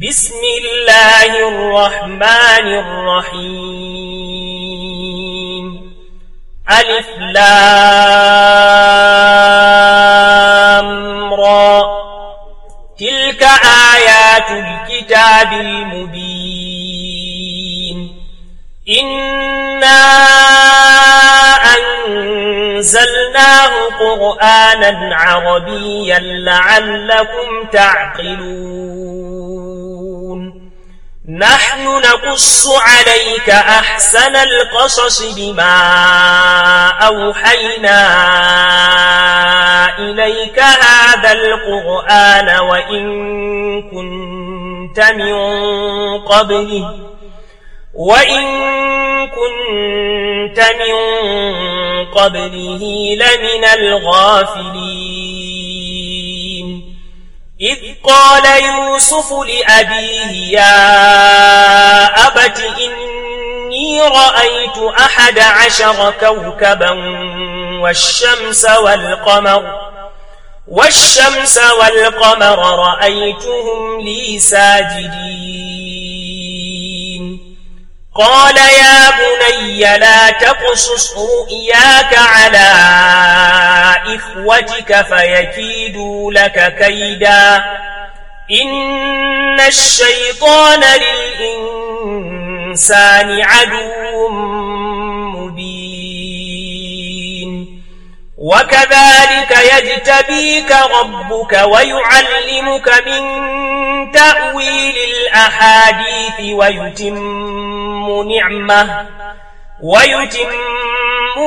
بسم الله الرحمن الرحيم ألف لام را تلك آيات الكتاب المبين إنا أنزلناه قرآنا عربيا لعلكم تعقلون نحن نقص عليك أحسن القصص بما أوحينا إليك هذا القرآن وإن كنت من قبله وإن كنت من قبله لمن الغافلين إذ قال يوسف لأبيه يا أبت إني رأيت أحد عشر كوكبا والشمس والقمر والشمس والقمر رأيتهم لي ساجدين قال يا بني لا تقصص رؤياك على إخوتك فيكيدوا لك كيدا إن الشيطان للإنسان عدو وكذلك يجتبيك ربك ويعلمك من تأويل الأحاديث ويتم نعمه ويتم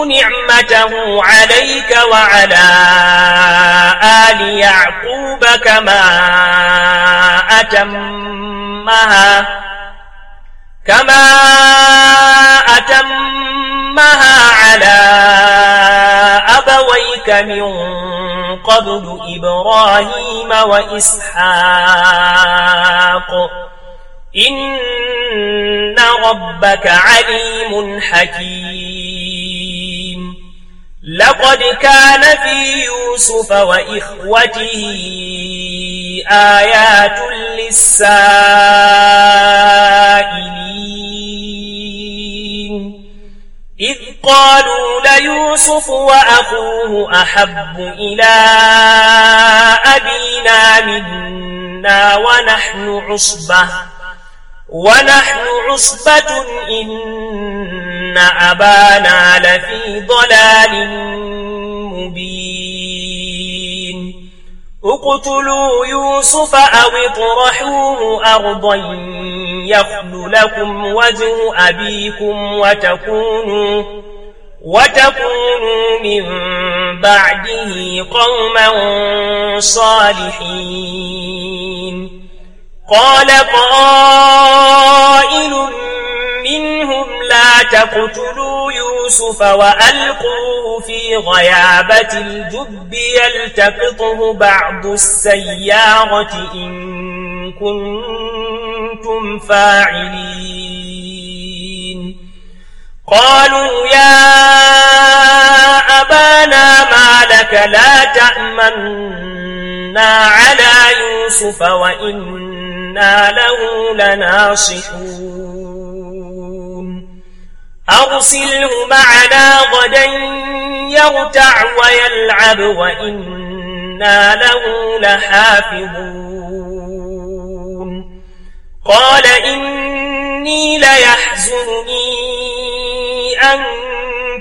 نعمته عليك وعلى آل يعقوب كما أتمها كما أتمها على أبويك من قبل إبراهيم وإسحاق إن ربك عليم حكيم لقد كان في يوسف وإخوته آيات للسائلين إذ قالوا ليوسف وأخوه أحب إلى أبينا منا ونحن عصبة ونحن عصبة إن أبانا لفي ضلال اقتلوا يوسف أو اطرحوه أرضا يخل لكم وجه أبيكم وتكونوا, وتكونوا من بعده قوما صالحين قال قائل منهم لا تقتلوا يوسف وألقوه في غيابة الجب يلتقطه بعض السيارة إن كنتم فاعلين قالوا يا أبانا ما لك لا تأمنا على يوسف وإنا له لناصحون أرسله معنا غدا يرتع ويلعب وإنا له لحافظون قال إني ليحزنني أن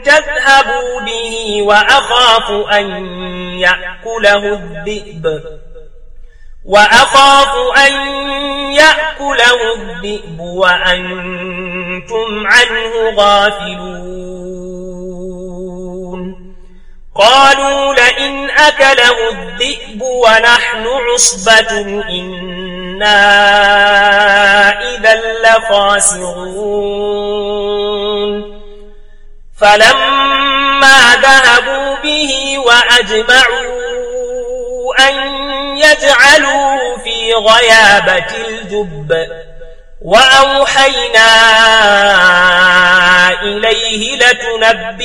تذهبوا به وأخاف أن يأكله الذئب وأخاف أن يأكله الذئب وأن كنتم عنه غافلون قالوا لئن أكله الذئب ونحن عصبة إنا إذا لخاسرون فلما ذهبوا به وأجمعوا أن يجعلوا في غيابة الجب وأوحينا إليه لتنبئنهم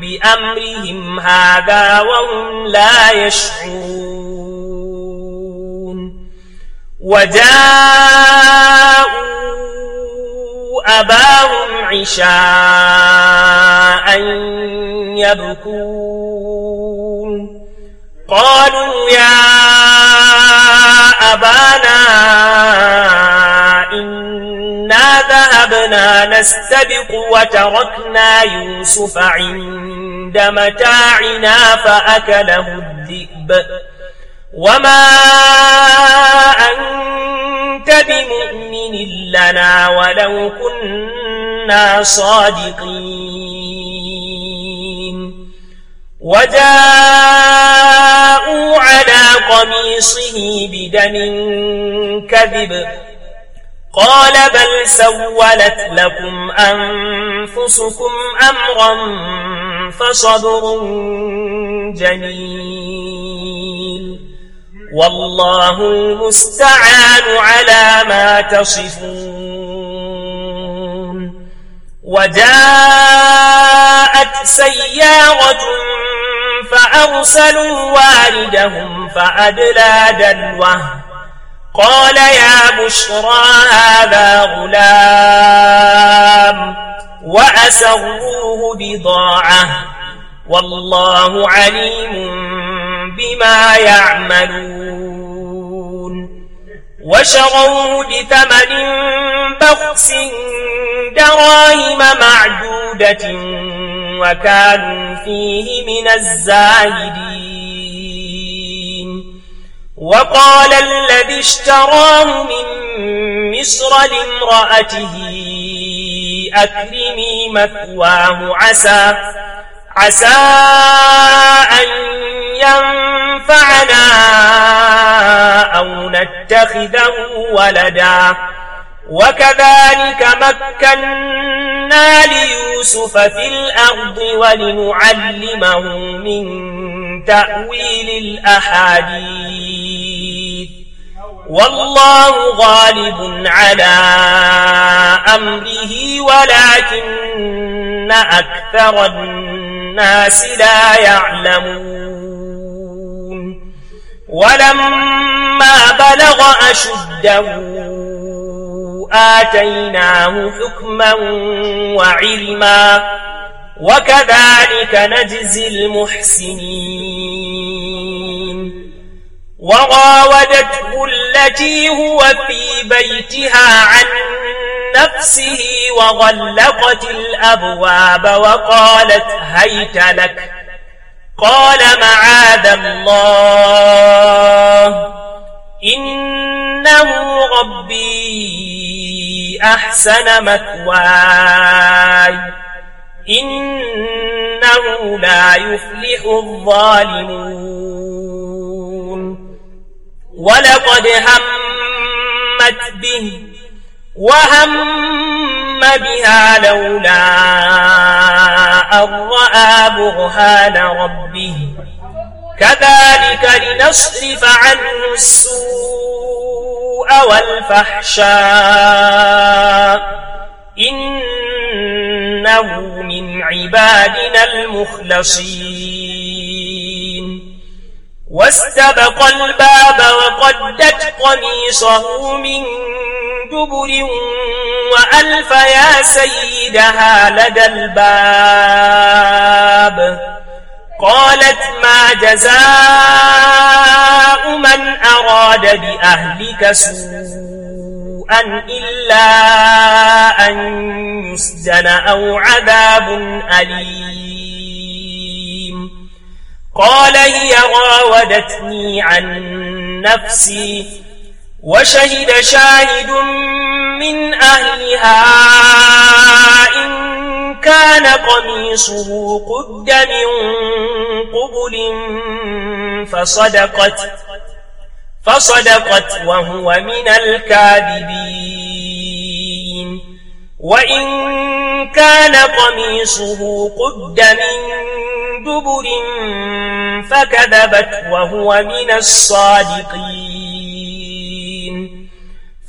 بأمرهم هذا وهم لا يشعرون وجاءوا أباهم عشاء يبكون قالوا يا آبانا إنا ذهبنا نستبق وتركنا يوسف عند متاعنا فأكله الذئب وما أنت بمؤمن لنا ولو كنا صادقين وجاءوا قميصه بدم كذب قال بل سولت لكم أنفسكم أمرا فصبر جميل والله المستعان على ما تصفون وجاءت سيارة فأرسلوا والدهم فأدلى دلوه قال يا بشرى هذا غلام وأسروه بضاعة والله عليم بما يعملون وشروه بثمن بخس دراهم معدودة وكانوا فيه من الزاهدين وقال الذي اشتراه من مصر لامرأته أكرمي مثواه عسى عسى أن ينفعنا أو نتخذه ولداً وكذلك مكنا ليوسف في الأرض ولنعلمه من تأويل الأحاديث والله غالب على أمره ولكن أكثر الناس لا يعلمون ولما بلغ أشده آتيناه حكما وعلما وكذلك نجزي المحسنين وراودته التي هو في بيتها عن نفسه وغلقت الأبواب وقالت هيت لك قال معاذ الله إنه ربي أحسن مثواي إنه لا يفلح الظالمون ولقد همت به وهم بها لولا أن رأى برهان ربه كذلك لنصرف عنه السوء والفحشاء إنه من عبادنا المخلصين واستبق الباب وقدت قميصه من دبر وألف يا سيدها لدى الباب قالت ما جزاء من أراد بأهلك سوءا إلا أن يسجن أو عذاب أليم قال هي راودتني عن نفسي وشهد شاهد من أهلها إن كان قميصه قد من قبل فصدقت فصدقت وهو من الكاذبين وإن كان قميصه قد من دبر فكذبت وهو من الصادقين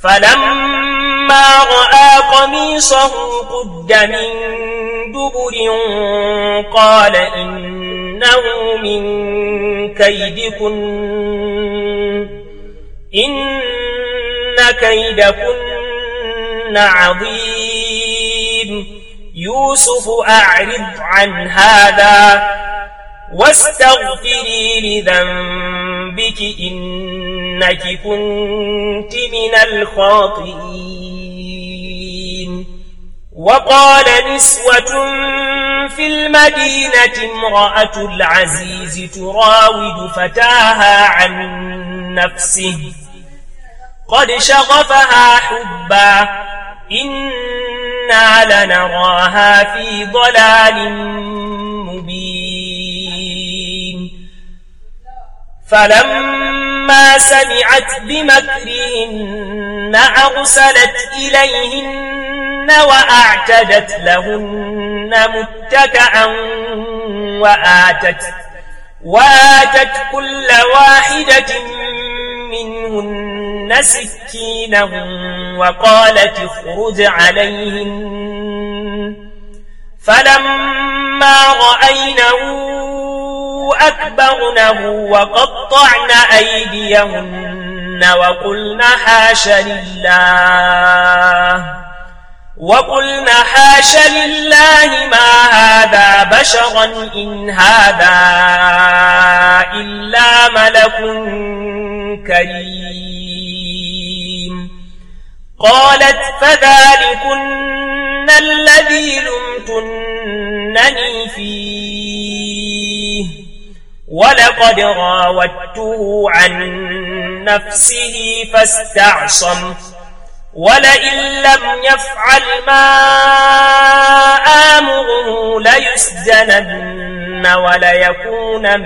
فلما رأى قميصه قد من دبر قال إنه من كيدكن إن كيدكن عظيم يوسف أعرض عن هذا واستغفري لذنبك إن إنك كنت من الخاطئين وقال نسوة في المدينة امرأة العزيز تراود فتاها عن نفسه قد شغفها حبا إنا لنراها في ضلال مبين فلما سمعت بمكرهن أرسلت إليهن وأعتدت لهن متكئا وآتت وآتت كل واحدة منهن سكينا وقالت اخرج عليهن فلما رأينه أكبرنه وقطعن أيديهن وقلن حاش لله وقلن حاش لله ما هذا بشرا إن هذا إلا ملك كريم قالت فذلكن الذي لمتنني فيه ولقد راودته عن نفسه فاستعصم ولئن لم يفعل ما آمره ليسجنن وليكون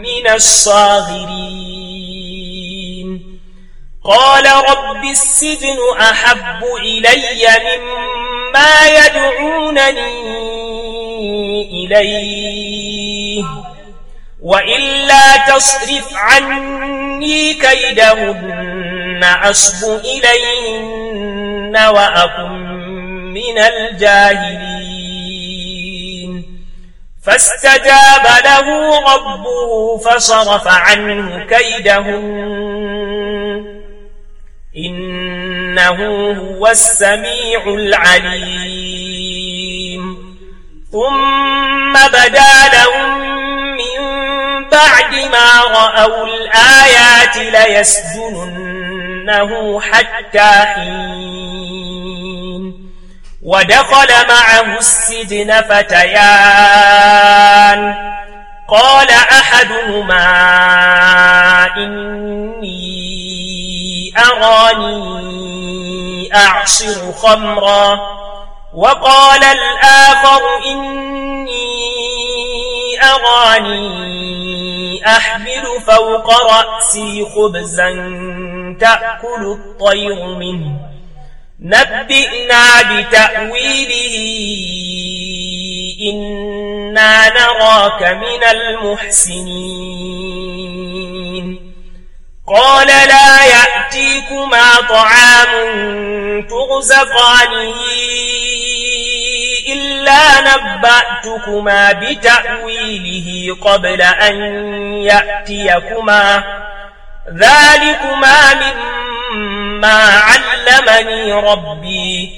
من الصاغرين قال رب السجن أحب إلي مما يدعونني إليه وإلا تصرف عني كيدهن أصب إليهن وأكن من الجاهلين فاستجاب له ربه فصرف عنه كيدهن إنه هو السميع العليم ثم بدا لهم من بعد ما رأوا الآيات ليسجننه حتى حين ودخل معه السجن فتيان قال أحدهما إني أراني أعصر خمرا وقال الآخر إني أراني أحمل فوق رأسي خبزا تأكل الطير منه نبئنا بتأويله إنا نراك من المحسنين قال لا يأتيكما طعام ترزقانه إلا نبأتكما بتأويله قبل أن يأتيكما ذلكما مما علمني ربي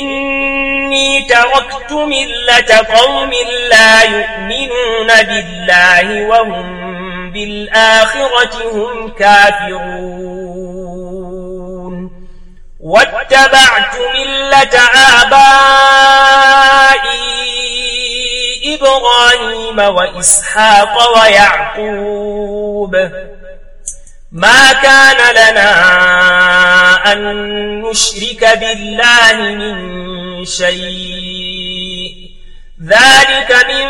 إني تركت ملة قوم لا يؤمنون بالله وهم بالآخرة هم كافرون واتبعت ملة آبائي إبراهيم وإسحاق ويعقوب ما كان لنا أن نشرك بالله من شيء ذلك من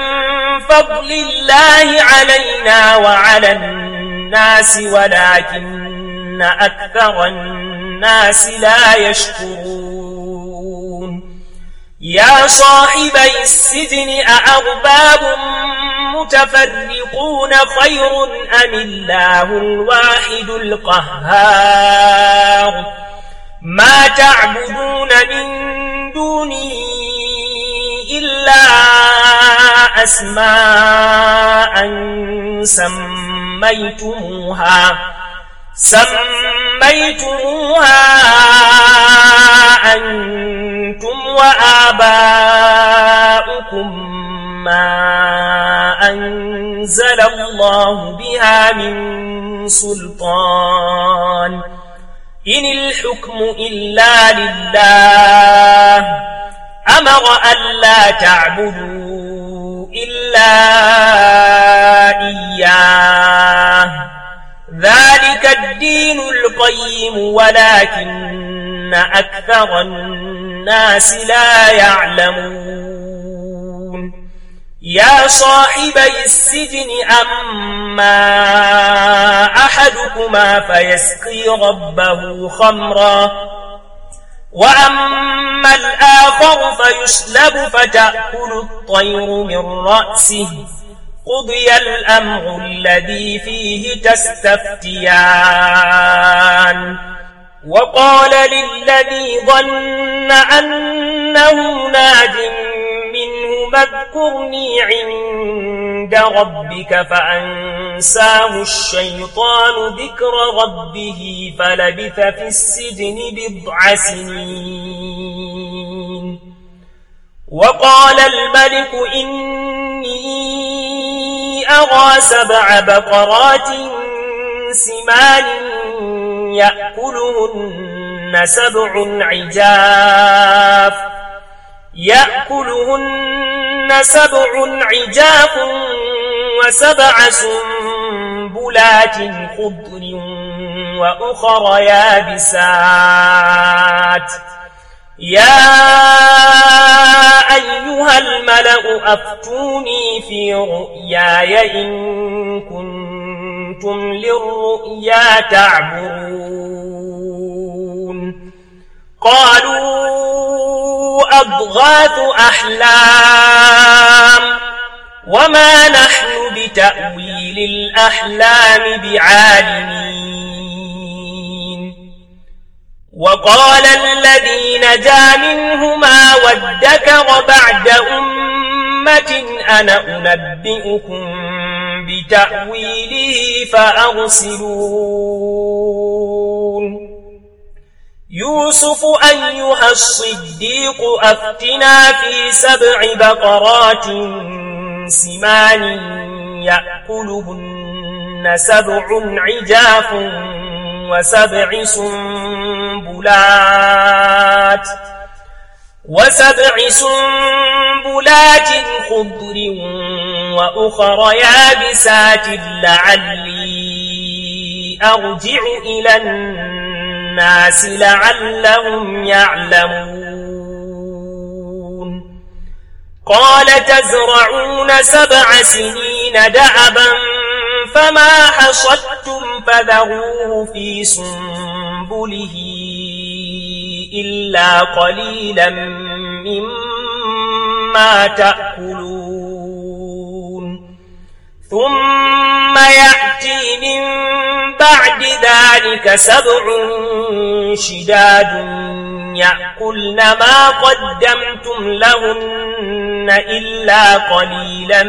فضل الله علينا وعلى الناس ولكن أكثر الناس لا يشكرون يا صاحبي السجن أأرباب متفرقون خير أم الله الواحد القهار ما تعبدون من دونه إلا أسماء سميتموها سميتموها أنتم وآباؤكم ما أنزل الله بها من سلطان إن الحكم إلا لله أمر ألا تعبدوا إلا إياه ذلك الدين القيم ولكن أكثر الناس لا يعلمون يا صاحبي السجن أما أحدكما فيسقي ربه خمرا وأما الآخر فيسلب فتأكل الطير من رأسه قضي الأمر الذي فيه تستفتيان وقال للذي ظن أنه ناجم ثم اذكرني عند ربك فأنساه الشيطان ذكر ربه فلبث في السجن بضع سنين وقال الملك إني أرى سبع بقرات سمان يأكلهن سبع عجاف يأكلهن سبع عجاف وسبع سنبلات خضر وأخر يابسات يا أيها الملأ أفتوني في رؤياي إن كنتم للرؤيا تعبرون قالوا أضغاث أحلام وما نحن بتأويل الأحلام بعالمين وقال الذي نجا منهما وادكر بعد أمة أنا أنبئكم بتأويله فأرسلون يوسف أيها الصديق أفتنا في سبع بقرات سمان يأكلهن سبع عجاف وسبع سنبلات وسبع سنبلات خضر وأخر يابسات لعلي أرجع إلى الناس الناس لعلهم يعلمون قال تزرعون سبع سنين دعبا فما حصدتم فذروه في سنبله إلا قليلا مما تأكلون ثم يأتي من بعد ذلك سبع شداد يأكلن ما قدمتم لهن إلا قليلا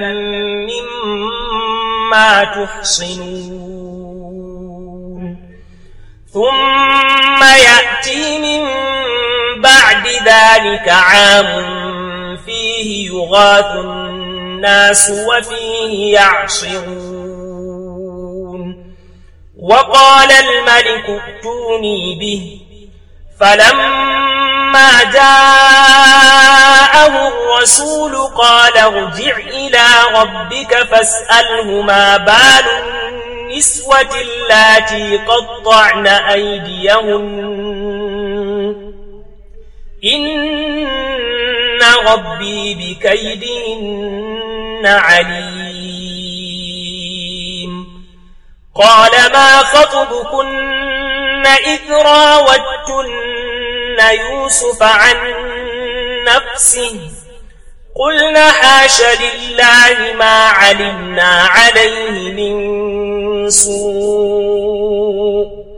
مما تحصنون ثم يأتي من بعد ذلك عام فيه يغاث الناس وفيه يعصرون وقال الملك ائتوني به فلما جاءه الرسول قال ارجع إلى ربك فاسأله ما بال النسوة اللاتي قطعن أيديهن إن ربي بكيدهن عليم قال ما خطبكن إذ راوتن يوسف عن نفسه قلنا حاش لله ما علمنا عليه من سوء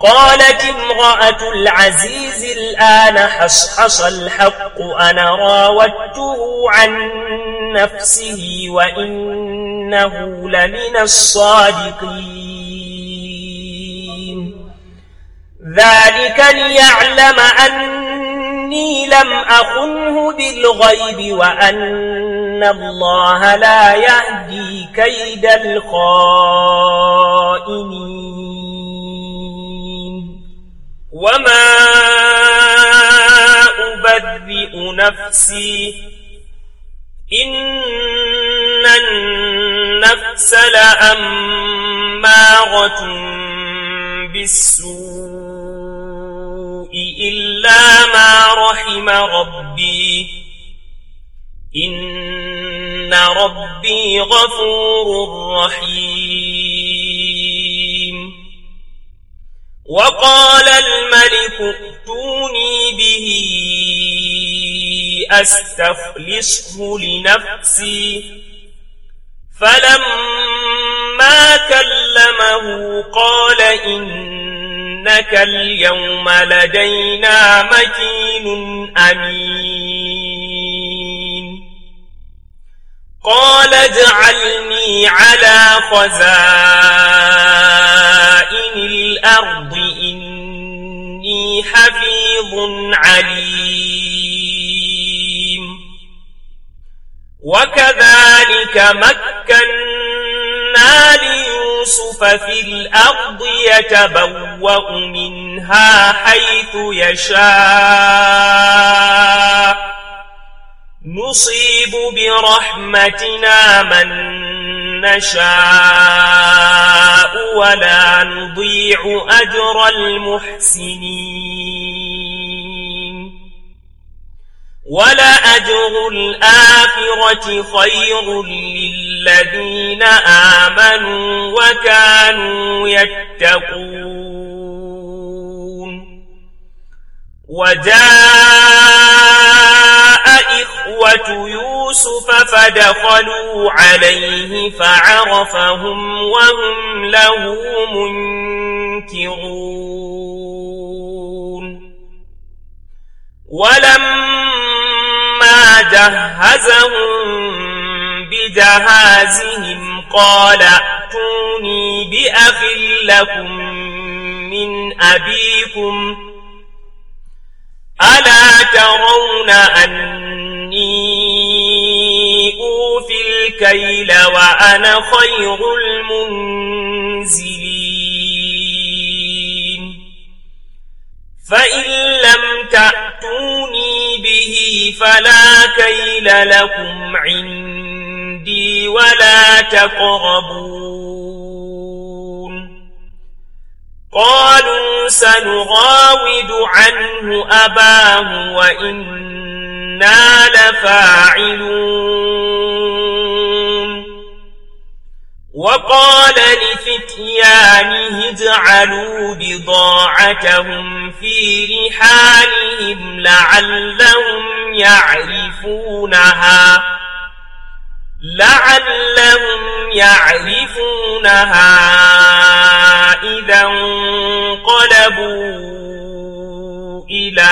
قالت امرأة العزيز الآن حصحص الحق أنا راودته عن نفسه وإنه لمن الصادقين ذلك ليعلم أني لم أخنه بالغيب وأن الله لا يهدي كيد الخائنين وما أبرئ نفسي إن النفس لأمارة بالسوء إلا ما رحم ربي إن ربي غفور رحيم وقال الملك ائتوني به أستخلصه لنفسي فلما كلمه قال إنك اليوم لدينا مكين أمين قال اجعلني على خزائن الأرض إني حفيظ عليم وكذلك مكنا ليوسف في الأرض يتبوأ منها حيث يشاء نصيب برحمتنا من نشاء ولا نضيع أجر المحسنين ولأجر الآخرة خير للذين آمنوا وكانوا يتقون وجاءوا إخوة يوسف فدخلوا عليه فعرفهم وهم له منكرون ولما جهزهم بجهازهم قال ائتوني بأخ لكم من أبيكم ألا ترون أني أوفي الكيل وأنا خير المنزلين فإن لم تأتوني به فلا كيل لكم عندي ولا تقربون قالوا سنراود عنه أباه وإنا لفاعلون وقال لفتيانه اجعلوا بضاعتهم في رحالهم لعلهم يعرفونها لعلهم يعرفونها إذا انقلبوا إلى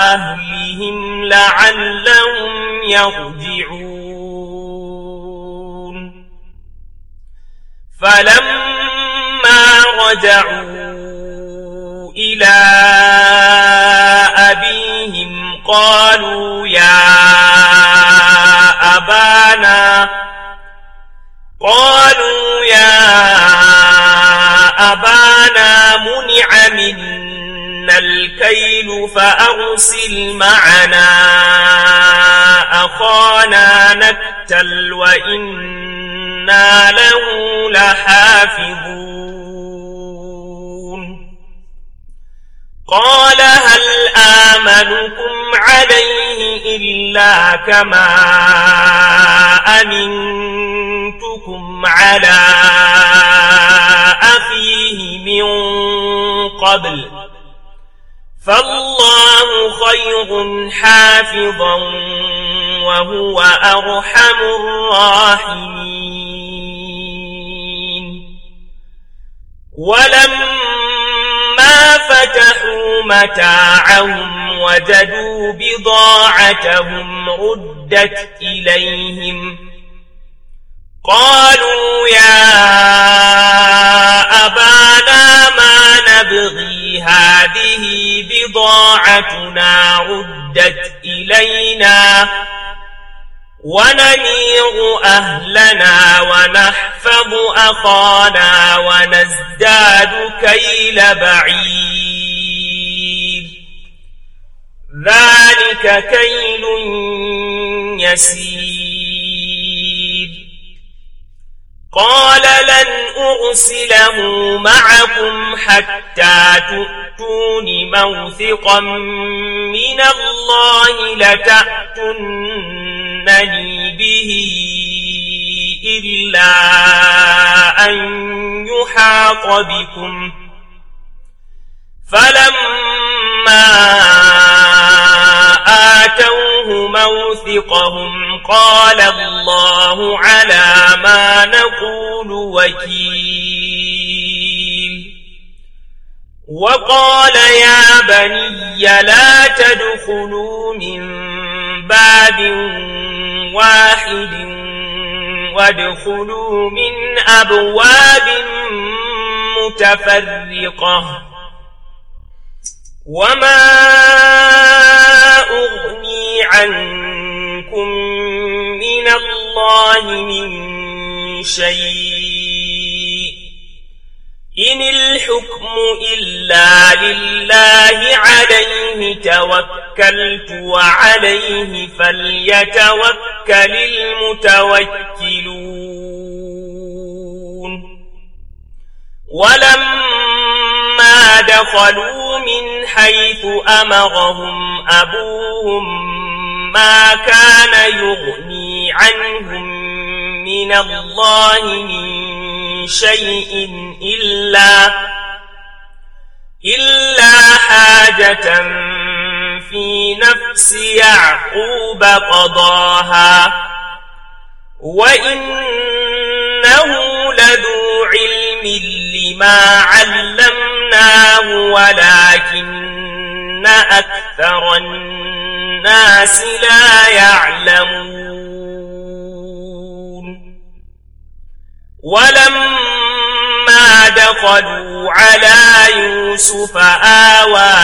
أهلهم لعلهم يرجعون فلما رجعوا إلى أبيهم قالوا يا أبانا قالوا يا أبانا منع منا الكيل فأرسل معنا أخانا نكتل وإنا له لحافظون قال هل آمنكم عليه إلا كما أمنتكم على أخيه من قبل فالله خير حافظا وهو أرحم الراحمين ولما فتحوا متاعهم وجدوا بضاعتهم ردت إليهم قالوا يا أبانا ما نبغي هذه بضاعتنا ردت إلينا ونميغ أهلنا ونحفظ أخانا ونزداد كيل بعيد ذلك كيل يسير قال لن أرسله معكم حتى تؤتون موثقا من الله لتأتنني به إلا أن يحاط بكم فلما موثقهم قال الله على ما نقول وكيل وقال يا بني لا تدخلوا من باب واحد وادخلوا من أبواب متفرقة وما أغني عنكم من الله من شيء إن الحكم إلا لله عليه توكلت وعليه فليتوكل المتوكلون ولما ما دخلوا من حيث أمرهم أبوهم ما كان يغني عنهم من الله من شيء إلا إلا حاجة في نفس يعقوب قضاها وإنه لذو علم لما علمه الله ولكن أكثر الناس لا يعلمون ولما دخلوا على يوسف آوى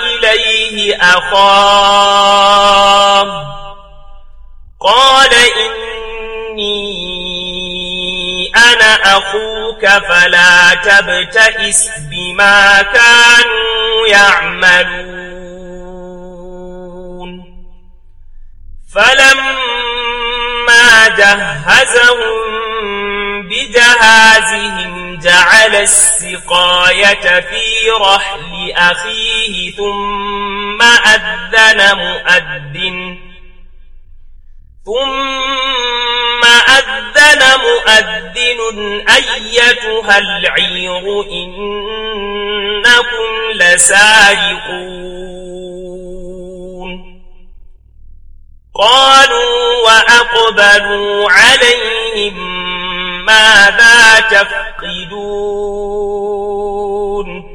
إليه أخاه قال إني أنا أخوه ربك فلا تبتئس بما كانوا يعملون فلما جهزهم بجهازهم جعل السقاية في رحل أخيه ثم أذن مؤذن ثم أذن مؤذن أيتها العير إنكم لسارقون قالوا وأقبلوا عليهم ماذا تفقدون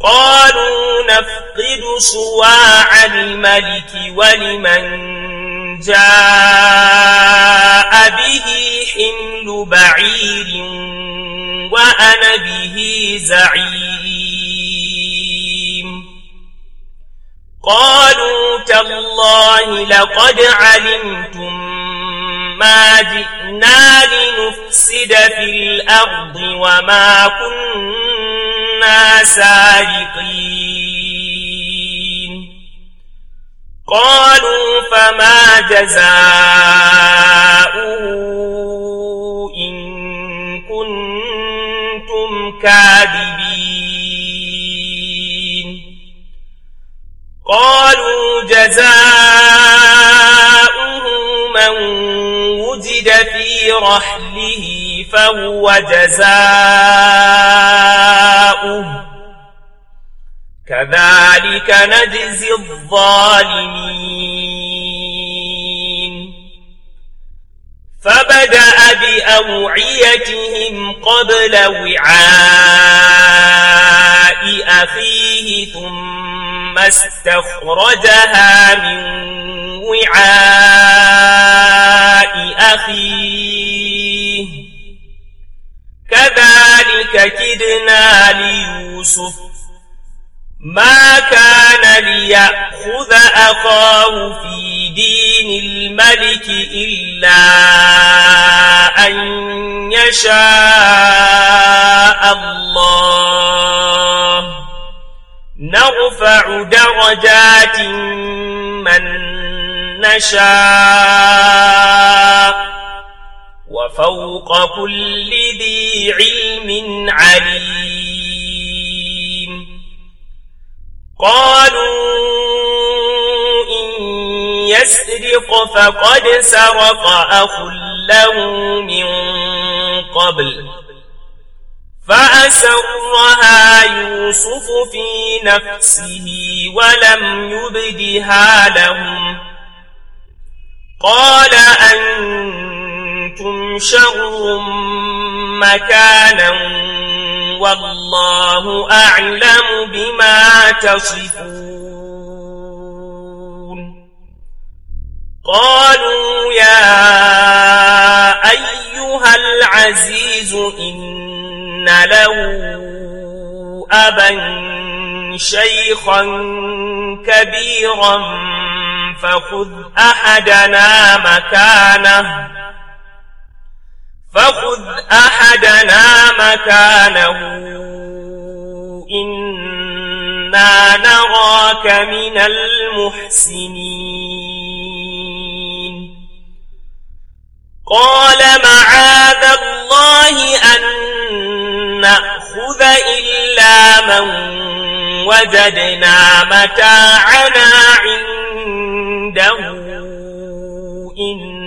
قالوا نفقد صواع الملك ولمن جاء به حمل بعير وأنا به زعيم قالوا تالله لقد علمتم ما جئنا لنفسد في الأرض وما كنا سارقين قالوا فما جزاؤه إن كنتم كاذبين قالوا جزاؤه من وجد في رحله فهو جزاؤه كذلك نجزي الظالمين فبدأ بأوعيتهم قبل وعاء أخيه ثم استخرجها من وعاء أخيه كذلك كدنا ليوسف ما كان ليأخذ أخاه في دين الملك إلا أن يشاء الله نرفع درجات من نشاء وفوق كل ذي علم عليم قالوا إن يسرق فقد سرق أخ له من قبل فأسرها يوسف في نفسه ولم يبدها لهم قال أنتم شر مكانا والله أعلم بما تصفون قالوا يا أيها العزيز إن له أبا شيخا كبيرا فخذ أحدنا مكانه فخذ أحدنا مكانه إنا نراك من المحسنين قال معاذ الله أن نأخذ إلا من وجدنا متاعنا عنده إن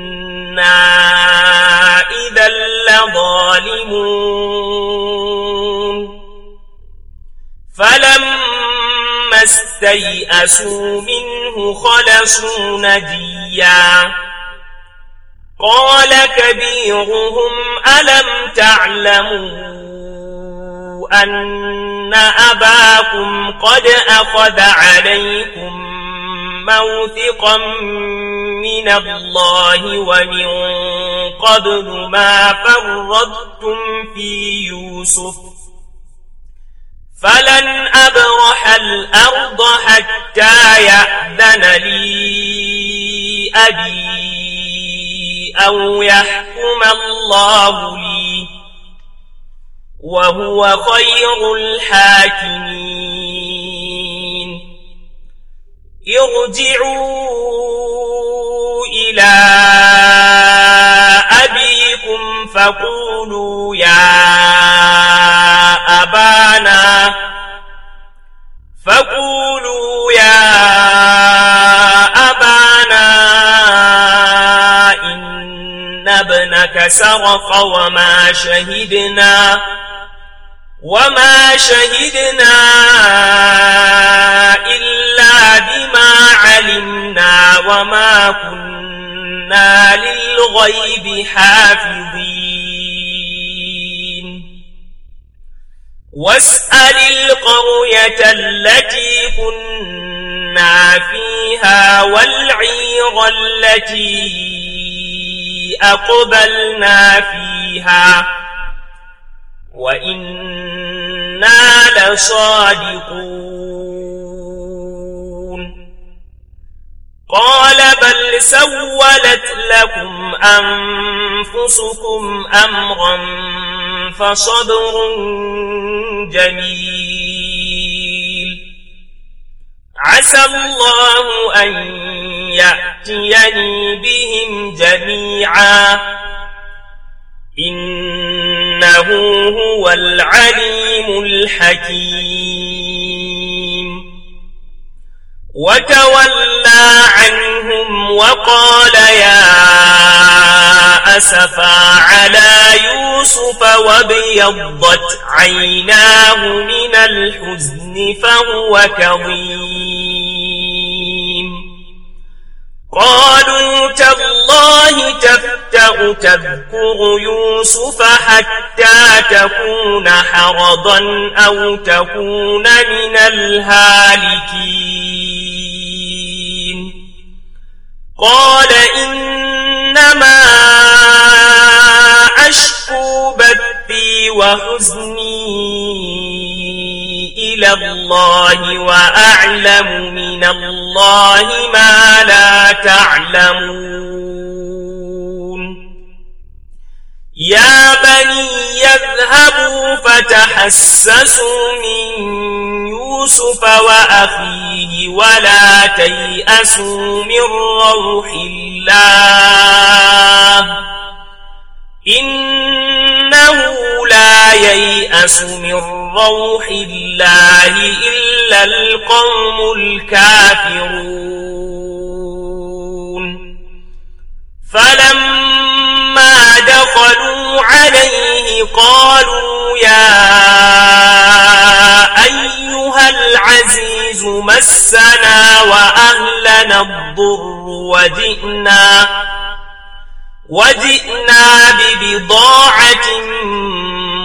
إذا لظالمون فلما استيئسوا منه خلصوا نجيا قال كبيرهم ألم تعلموا أن أباكم قد أخذ عليكم موثقا من الله ومن قبل ما فردتم في يوسف فلن أبرح الأرض حتى يأذن لي أبي أو يحكم الله لي وهو خير الحاكمين ارجعوا إلى أبيكم فقولوا يا أبانا فقولوا يا أبانا إن ابنك سرق وما شهدنا وما شهدنا إلا بما علمنا وما كنا للغيب حافظين واسأل القرية التي كنا فيها والعير التي أقبلنا فيها وإنا لصادقون قال بل سولت لكم أنفسكم أمرا فصبر جميل عسى الله أن يأتيني بهم جميعا إنه هو العليم الحكيم وتولى عنهم وقال يا أسفا على يوسف وابيضت عيناه من الحزن فهو كظيم قالوا تالله تفتأ تذكر يوسف حتى تكون حرضا أو تكون من الهالكين قال إنما أشكو بثي وحزني إلى الله وأعلم من الله ما لا تعلمون يا بني اذهبوا فتحسسوا من يوسف وأخيه ولا تيأسوا من روح الله إنه لا ييأس من روح الله إلا القوم الكافرون فلما دخلوا عليه قالوا يا أيها العزيز مسنا وأهلنا الضر وجئنا وجئنا ببضاعة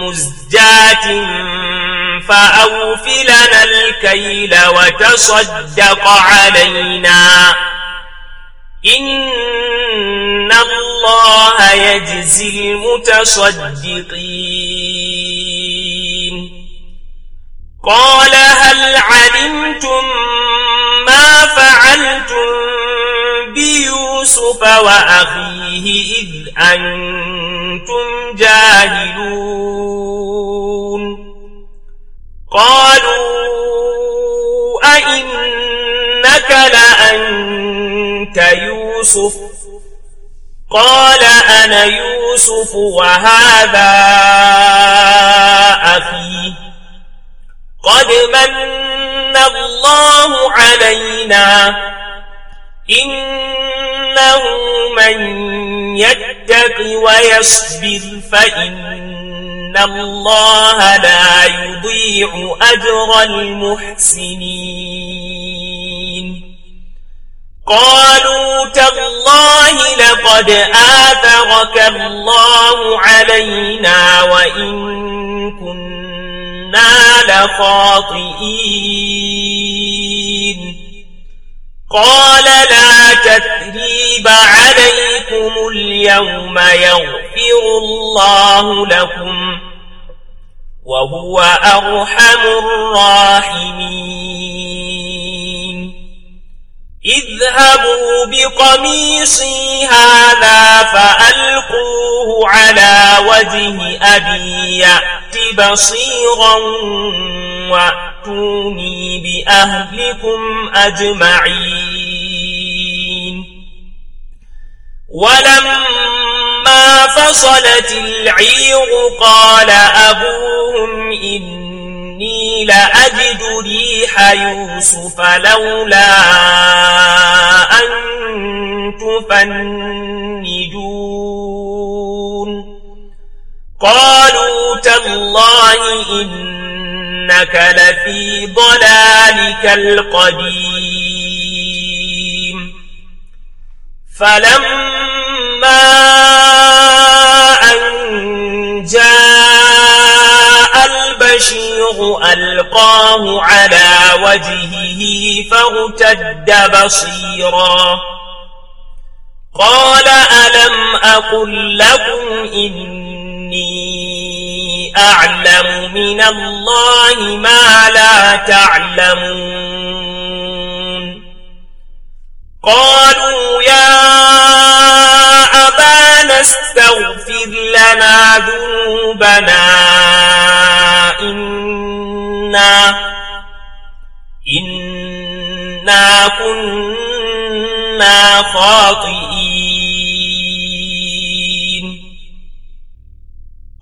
مزجاة فأوفلنا الكيل وتصدق علينا إن الله يجزي المتصدقين قال هل علمتم ما فعلتم بيوسف وأخيه إذ أنتم جاهلون قالوا أئنك لأنت يوسف قال أنا يوسف وهذا أخي قد من الله علينا إنه من يتق ويصبر فإن الله لا يضيع أجر المحسنين قالوا تالله لقد آثرك الله علينا وإن كنا لخاطئين قال لا تثريب عليكم اليوم يغفر الله لكم وهو أرحم الراحمين اذهبوا بقميصي هذا فألقوه على وجه أبي يأت بصيرا وأتوني بأهلكم أجمعين ولما فصلت العير قال أبوهم إني لأجد ريح يوسف لولا أن تفنجون قالوا تالله إنك لفي ضلالك القديم فلما أن جاء البشير ألقاه على وجهه فارتد بصيرا قال ألم أقل لكم إن إني أعلم من الله ما لا تعلمون قالوا يا أبانا استغفر لنا ذنوبنا إنا إنا كنا خاطئين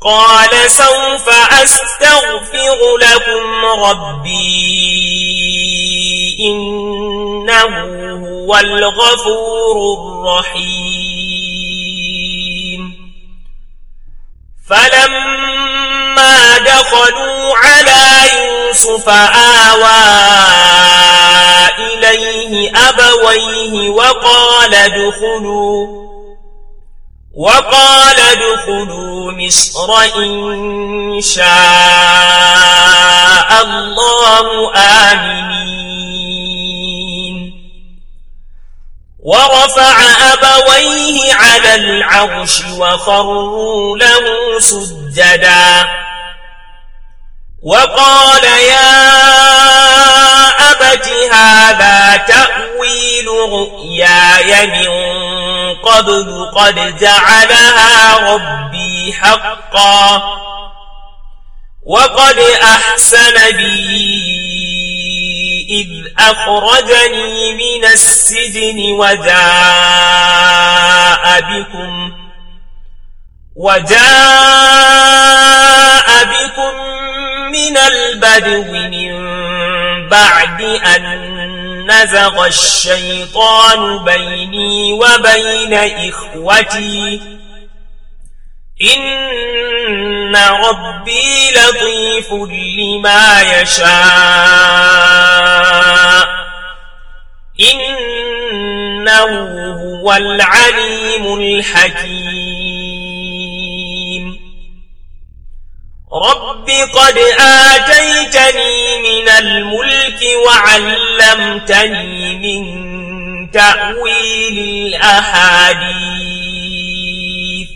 قال سوف أستغفر لكم ربي إنه هو الغفور الرحيم فلما دخلوا على يوسف آوى إليه أبويه وقال ادخلوا وقال ادخلوا مصر إن شاء الله آمنين ورفع أبويه على العرش وخروا له سجدا وقال يا أبت هذا تأويل رؤياي من قبل قد جعلها ربي حقا وقد أحسن بي إذ أخرجني من السجن وجاء بكم وجاء بكم من البدو من بعد أن نزغ الشيطان بيني وبين إخوتي إن ربي لطيف لما يشاء إنه هو العليم الحكيم رب قد آتيتني من الملك وعلمتني من تأويل الأحاديث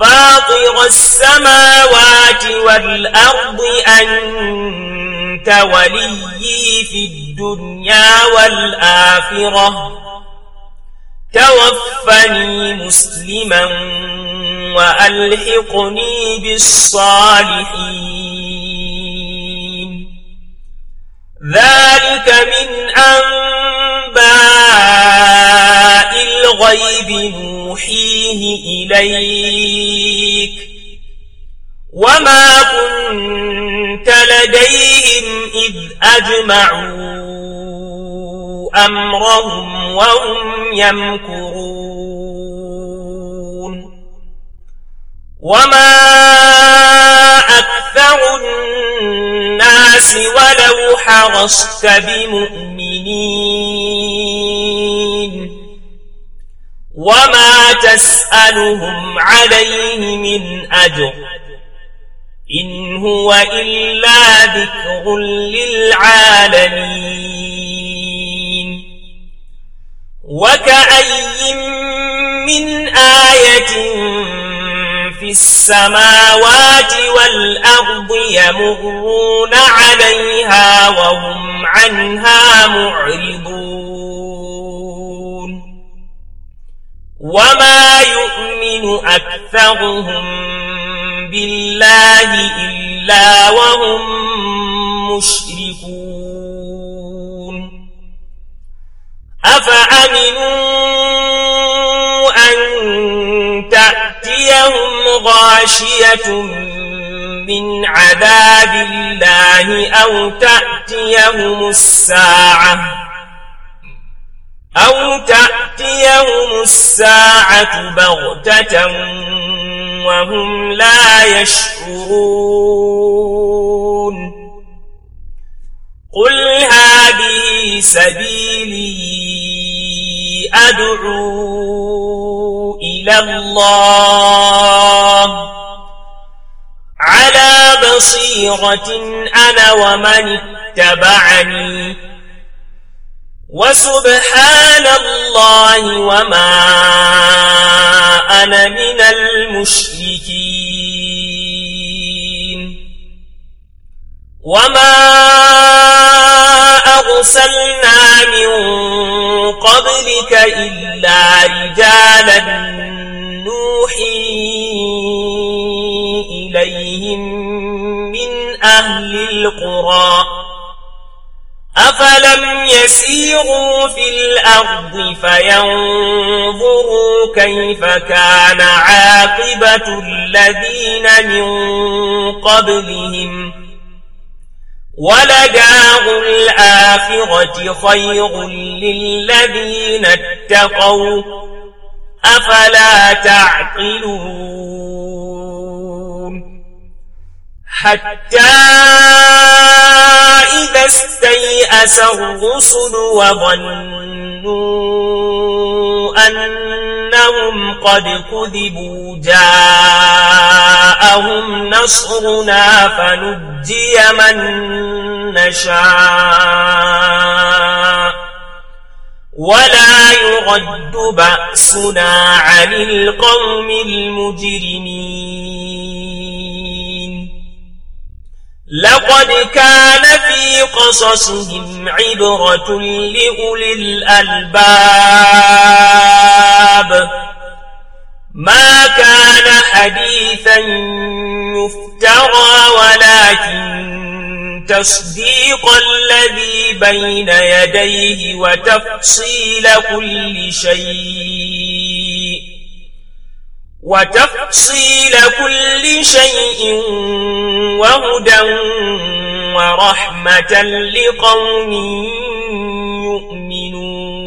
فاطر السماوات والأرض أنت وليي في الدنيا والآخرة توفني مسلماً وألحقني بالصالحين ذلك من أنباء الغيب نوحيه إليك وما كنت لديهم إذ أجمعوا أمرهم وهم يمكرون وما أكثر الناس ولو حرصت بمؤمنين وما تسألهم عليه من أجر إن هو إلا ذكر للعالمين وكأي من آية في السماوات والأرض يمرون عليها وهم عنها معرضون وما يؤمن أكثرهم بالله إلا وهم مشركون أفأمنون تأتيهم غاشية من عذاب الله أو تأتيهم الساعة أو تأتيهم الساعة بغتة وهم لا يشعرون قل هذه سبيلي أدعو إلى الله على بصيرة أنا ومن اتبعني وسبحان الله وما أنا من المشركين وما أرسلنا من قبلك إلا رجالا نوحي إليهم من أهل القرى أفلم يسيروا في الأرض فينظروا كيف كان عاقبة الذين من قبلهم ولدار الآخرة خير للذين اتقوا أفلا تعقلون حتى إذا استيأس الرسل وظنوا أنهم قد كذبوا جاءهم نصرنا فنجي من نشاء ولا يرد بأسنا عن القوم المجرمين لقد كان في قصصهم عبرة لأولي الألباب ما كان حديثا يفترى ولكن تصديق الذي بين يديه وتفصيل كل شيء وتفصيل كل شيء وهدى ورحمة لقوم يؤمنون